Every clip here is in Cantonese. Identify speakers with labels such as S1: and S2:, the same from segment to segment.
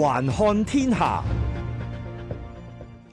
S1: 環看天下，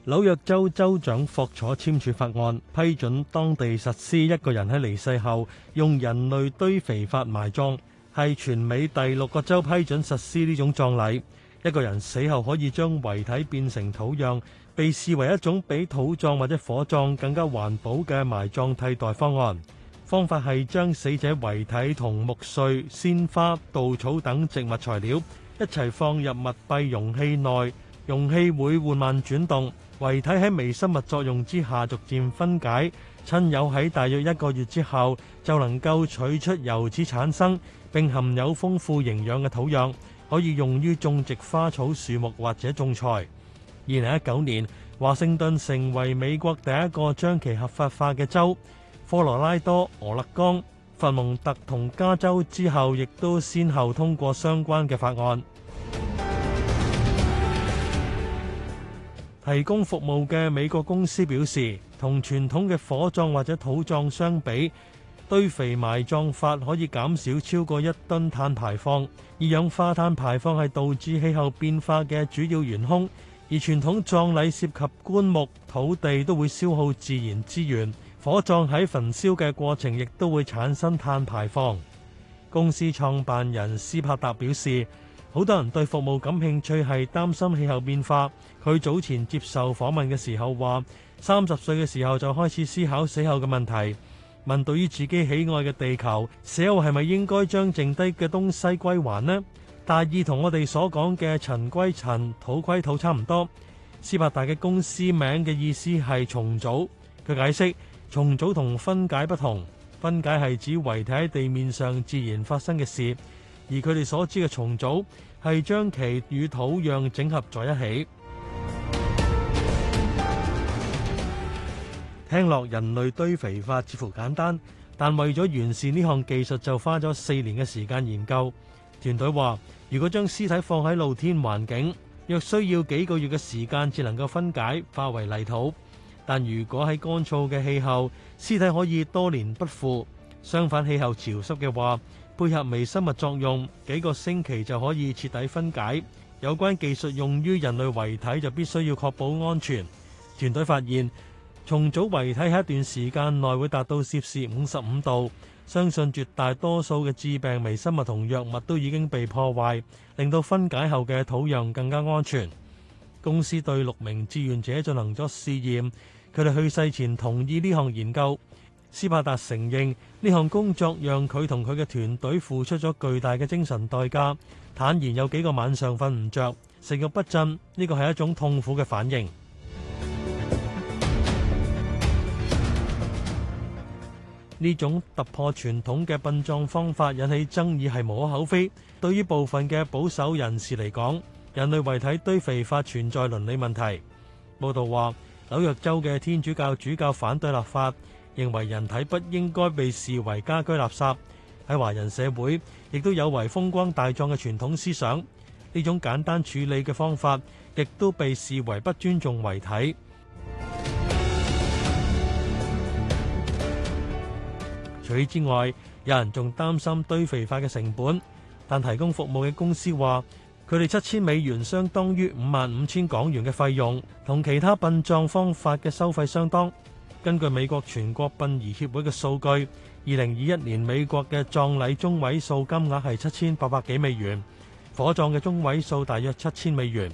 S1: 紐約州州長霍楚簽署法案，批准當地實施一個人喺離世後用人類堆肥法埋葬，係全美第六個州批准實施呢種葬禮。一個人死後可以將遺體變成土壤，被視為一種比土葬或者火葬更加環保嘅埋葬替代方案。方法係將死者遺體同木碎、鮮花、稻草等植物材料。一齊放入密閉容器內，容器會緩慢轉動，遺體喺微生物作用之下逐漸分解。親友喺大約一個月之後，就能夠取出由此產生並含有豐富營養嘅土壤，可以用於種植花草、樹木或者種菜。二零一九年，華盛頓成為美國第一個將其合法化嘅州，科羅拉多、俄勒岡。佛蒙特同加州之後，亦都先後通過相關嘅法案。提供服務嘅美國公司表示，同傳統嘅火葬或者土葬相比，堆肥埋葬法可以減少超過一噸碳排放。二氧化碳排放係導致氣候變化嘅主要元兇，而傳統葬禮涉及棺木、土地，都會消耗自然資源。火葬喺焚燒嘅過程，亦都會產生碳排放。公司創辦人斯帕達表示，好多人對服務感興趣係擔心氣候變化。佢早前接受訪問嘅時候話，三十歲嘅時候就開始思考死後嘅問題，問對於自己喜愛嘅地球，死後係咪應該將剩低嘅東西歸還呢？大意同我哋所講嘅塵歸塵，土歸土差唔多。斯帕達嘅公司名嘅意思係重組。佢解釋。重組同分解不同，分解係指遺體喺地面上自然發生嘅事，而佢哋所知嘅重組係將其與土壤整合在一起。聽落人類堆肥法似乎簡單，但為咗完善呢項技術就花咗四年嘅時間研究。團隊話，如果將屍體放喺露天環境，若需要幾個月嘅時間，至能夠分解化為泥土。但如果喺乾燥嘅氣候，屍體可以多年不腐；相反氣候潮濕嘅話，配合微生物作用，幾個星期就可以徹底分解。有關技術用於人類遺體就必須要確保安全。團隊發現，重組遺體喺一段時間內會達到攝氏五十五度，相信絕大多數嘅致病微生物同藥物都已經被破壞，令到分解後嘅土壤更加安全。公司對六名志願者進行咗試驗。佢哋去世前同意呢項研究。斯帕達承認呢項工作讓佢同佢嘅團隊付出咗巨大嘅精神代價，坦言有幾個晚上瞓唔著，食慾不振，呢個係一種痛苦嘅反應。呢種突破傳統嘅殯葬方法引起爭議係無可厚非。對於部分嘅保守人士嚟講，人類遺體堆肥化存在倫理問題。報道話。紐約州嘅天主教主教反對立法，認為人體不應該被視為家居垃圾。喺華人社會，亦都有違風光大葬嘅傳統思想。呢種簡單處理嘅方法，亦都被視為不尊重遺體。除此之外，有人仲擔心堆肥化嘅成本，但提供服務嘅公司話。佢哋七千美元相當於五萬五千港元嘅費用，同其他殯葬方法嘅收費相當。根據美國全國殯儀協會嘅數據，二零二一年美國嘅葬禮中位數金額係七千八百幾美元，火葬嘅中位數大約七千美元。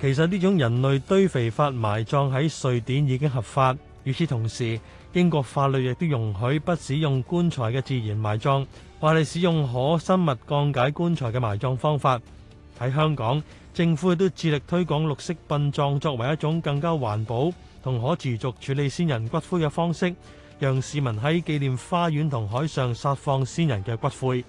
S1: 其實呢種人類堆肥法埋葬喺瑞典已經合法。與此同時，英國法律亦都容許不使用棺材嘅自然埋葬，或係使用可生物降解棺材嘅埋葬方法。喺香港，政府亦都致力推廣綠色殯葬，作為一種更加環保同可持續處理先人骨灰嘅方式，讓市民喺紀念花園同海上撒放先人嘅骨灰。